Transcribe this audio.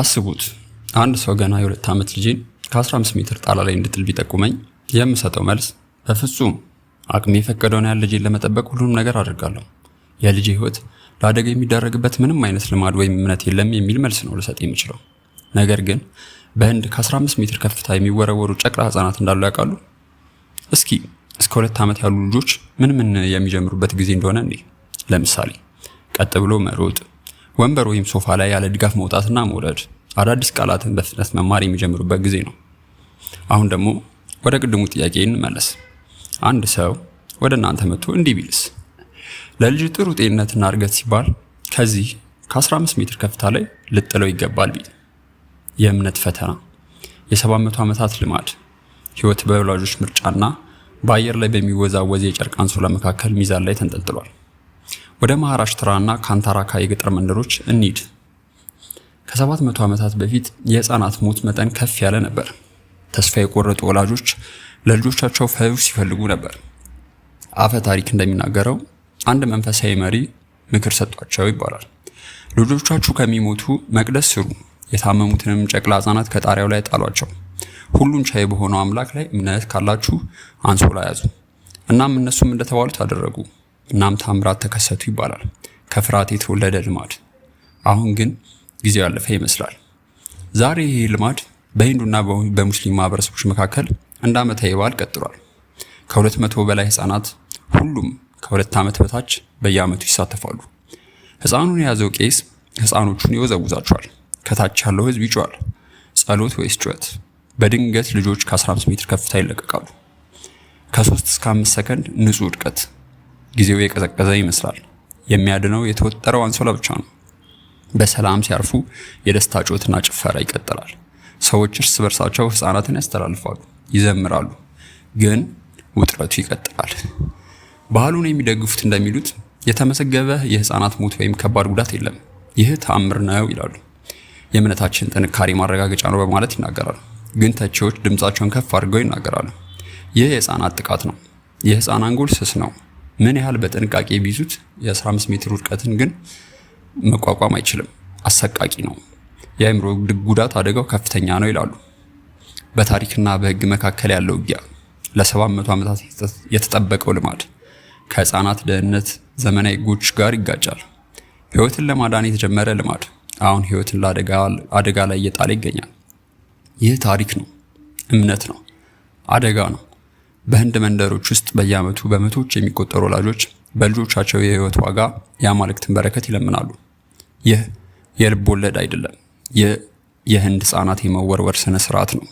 አስቡት አንድ ሰው ገና የሁለት ዓመት ልጄን ከ15 ሜትር ጣላ ላይ እንድጥል ቢጠቁመኝ የምሰጠው መልስ በፍጹም አቅሜ የፈቀደውን ያህል ልጄን ለመጠበቅ ሁሉንም ነገር አድርጋለሁ። የልጄ ህይወት ለአደጋ የሚዳረግበት ምንም አይነት ልማድ ወይም እምነት የለም የሚል መልስ ነው ልሰጥ የምችለው። ነገር ግን በህንድ ከ15 ሜትር ከፍታ የሚወረወሩ ጨቅላ ህጻናት እንዳሉ ያውቃሉ? እስኪ እስከ ሁለት ዓመት ያሉ ልጆች ምን ምን የሚጀምሩበት ጊዜ እንደሆነ እንዲህ ለምሳሌ ቀጥ ብሎ መሮጥ ወንበር ወይም ሶፋ ላይ ያለ ድጋፍ መውጣትና መውረድ አዳዲስ ቃላትን በፍጥነት መማር የሚጀምሩበት ጊዜ ነው። አሁን ደግሞ ወደ ቅድሙ ጥያቄ እንመለስ። አንድ ሰው ወደ እናንተ መጥቶ እንዲህ ቢልስ ለልጅ ጥሩ ጤንነትና እድገት ሲባል ከዚህ ከ15 ሜትር ከፍታ ላይ ልጥለው ይገባል ቢል የእምነት ፈተና፣ የ የ700 ዓመታት ልማድ፣ ህይወት በወላጆች ምርጫና በአየር ላይ በሚወዛወዝ የጨርቅ አንሶላ መካከል ሚዛን ላይ ተንጠልጥሏል። ወደ ማሃራሽትራና ካንታራካ የገጠር መንደሮች እንሂድ። ከሰባት መቶ ዓመታት በፊት የህፃናት ሞት መጠን ከፍ ያለ ነበር። ተስፋ የቆረጡ ወላጆች ለልጆቻቸው ፈውስ ሲፈልጉ ነበር። አፈ ታሪክ እንደሚናገረው አንድ መንፈሳዊ መሪ ምክር ሰጧቸው ይባላል። ልጆቻችሁ ከሚሞቱ መቅደስ ስሩ፣ የታመሙትንም ጨቅላ ህፃናት ከጣሪያው ላይ ጣሏቸው። ሁሉን ቻይ በሆነው አምላክ ላይ እምነት ካላችሁ አንሶላ ያዙ። እናም እነሱም እንደተባሉት አደረጉ። እናም ታምራት ተከሰቱ ይባላል። ከፍርሃት የተወለደ ልማድ። አሁን ግን ጊዜው ያለፈ ይመስላል። ዛሬ ይህ ልማድ በሂንዱና በሙስሊም ማህበረሰቦች መካከል አንድ ዓመታዊ በዓል ቀጥሏል። ከሁለት መቶ በላይ ህጻናት ሁሉም ከሁለት ዓመት በታች በየዓመቱ ይሳተፋሉ። ህፃኑን የያዘው ቄስ ህፃኖቹን ይወዘውዛቸዋል። ከታች ያለው ህዝብ ይጮዋል። ጸሎት ወይስ ጩኸት። በድንገት ልጆች ከ15 ሜትር ከፍታ ይለቀቃሉ። ከ3 እስከ 5 ሰከንድ ንጹህ ውድቀት ጊዜው የቀዘቀዘ ይመስላል። የሚያድነው የተወጠረው አንሶላ ብቻ ነው። በሰላም ሲያርፉ የደስታ ጩኸትና ጭፈራ ይቀጥላል። ሰዎች እርስ በርሳቸው ህፃናትን ያስተላልፋሉ፣ ይዘምራሉ። ግን ውጥረቱ ይቀጥላል። ባህሉን የሚደግፉት እንደሚሉት የተመዘገበ የህፃናት ሞት ወይም ከባድ ጉዳት የለም። ይህ ተአምር ነው ይላሉ። የእምነታችን ጥንካሬ ማረጋገጫ ነው በማለት ይናገራሉ። ግን ተቺዎች ድምፃቸውን ከፍ አድርገው ይናገራሉ። ይህ የህፃናት ጥቃት ነው። የህፃን አንጎል ስስ ነው። ምን ያህል በጥንቃቄ ቢይዙት የ15 ሜትር ውድቀትን ግን መቋቋም አይችልም። አሰቃቂ ነው። የአእምሮ ጉዳት አደጋው ከፍተኛ ነው ይላሉ። በታሪክና በህግ መካከል ያለው ውጊያ ለ700 ዓመታት የተጠበቀው ልማድ ከህፃናት ደህንነት ዘመናዊ ጎች ጋር ይጋጫል። ህይወትን ለማዳን የተጀመረ ልማድ አሁን ህይወትን አደጋ ላይ እየጣለ ይገኛል። ይህ ታሪክ ነው፣ እምነት ነው፣ አደጋ ነው። በህንድ መንደሮች ውስጥ በየአመቱ በመቶዎች የሚቆጠሩ ወላጆች በልጆቻቸው የህይወት ዋጋ የአማልክትን በረከት ይለምናሉ። ይህ የልብ ወለድ አይደለም። ይህ የህንድ ህጻናት የመወርወር ስነ ስርዓት ነው።